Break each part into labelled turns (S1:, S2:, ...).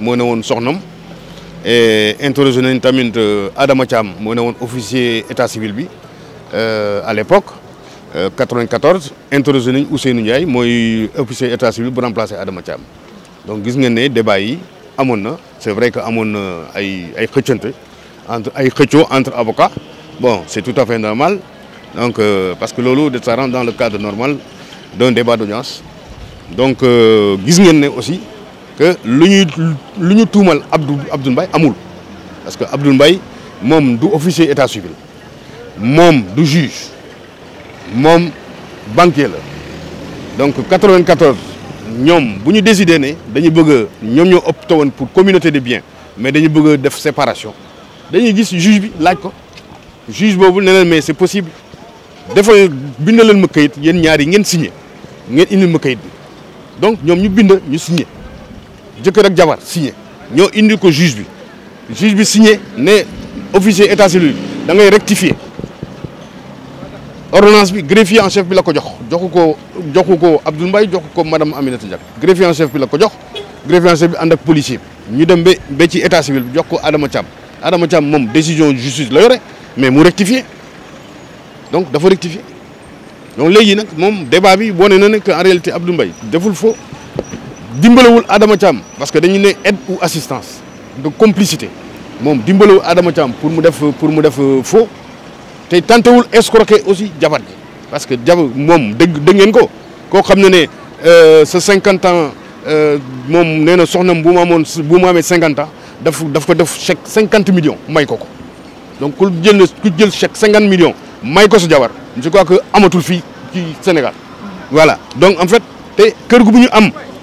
S1: Mon ne woon et interrogé nañ tamit euh, Adama officier état civil euh, à l'époque 94 1994, nañ Ousseynou Ndiaye mon officier état civil pour remplacer Adama Thiam donc vous voyez ne débat c'est vrai que amoon ay ay entre entre avocats bon c'est tout à fait normal donc euh, parce que lolo ça rentre dans le cadre normal d'un débat d'audience donc gis aussi que lu ñuy lu Abdou Abdoul Mbaye amul parce que Abdoul Mbaye moom du officier état civil moom du juge moom banquier donc 94 ñoom nous avons décidé ne dañu bëgg ñoo opté pour communauté de biens mais dañu bëgg def séparation dañuy gis juge bi laaj juge mais c'est possible defal bind leen ma kayit yéen ñaar yi ngeen signé ngeen indil ma donc nous ñu ñu signé je ak jabar signé ñoo indi ko juge bi juge bi signé officier état civil da ngay rectifier ordonnance bi greffier en chef de la ko jox joxu ko madame Aminata greffier en chef bi la ko jox greffier en chef bi and ak policier ñu dem be ci état civil bi Adam ko Adama Thiam Adama décision justice la mais mu rectifier donc dafa rectifier donc légui un mom débat bi boné na en réalité Abdoul Mbaye deful faux dimbalewul Adama cham parce que dañu né aide ou assistance de complicité mom dimbalewul Adama cham pour mu def pour mu def euh, faux te tentewul escroquer aussi jabar ji parce que jab mom deug dégg ngeen ko ko xamné né euh ce 50 ans euh mom néna soxnam bu mu amoon bu mu 50 ans daf daf ko def chèque 50 millions may ko ko donc ku jël ku jël chèque 50 millions may ko su jabar je crois que amatul fi ci Sénégal voilà donc en fait te kër gu bu am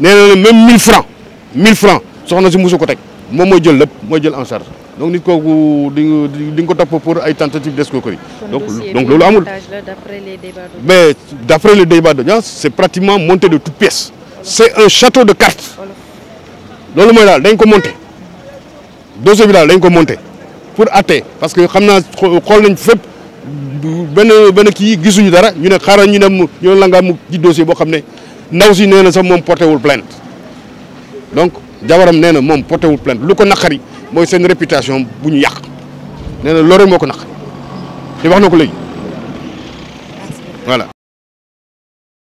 S1: nee même 1000 francs 1000 francs soxna ci musu ko tek moom mooy jël lépp mooy jël en charge donc nit kooku di nga di nga ko pour ay tentatives d'escroquerie donc donc lolu amul mais d'après les débats d'audience c'est pratiquement monté de toutes pièces c'est un château de cartes lolu moy dal dañ ko monter dossier bi dal dañ ko monter pour atte parce que xamna xol nañ fépp ben ben ki gisuñu dara ñu ne xara ñu ne ñu la nga mu ci dossier bo xamné ndaw si nee na sax moom porté plainte donc jabaram nee na moom porté wul plainte lu ko naqari mooy réputation bu ñu yàq nee na loolu moo ko naqari voilà.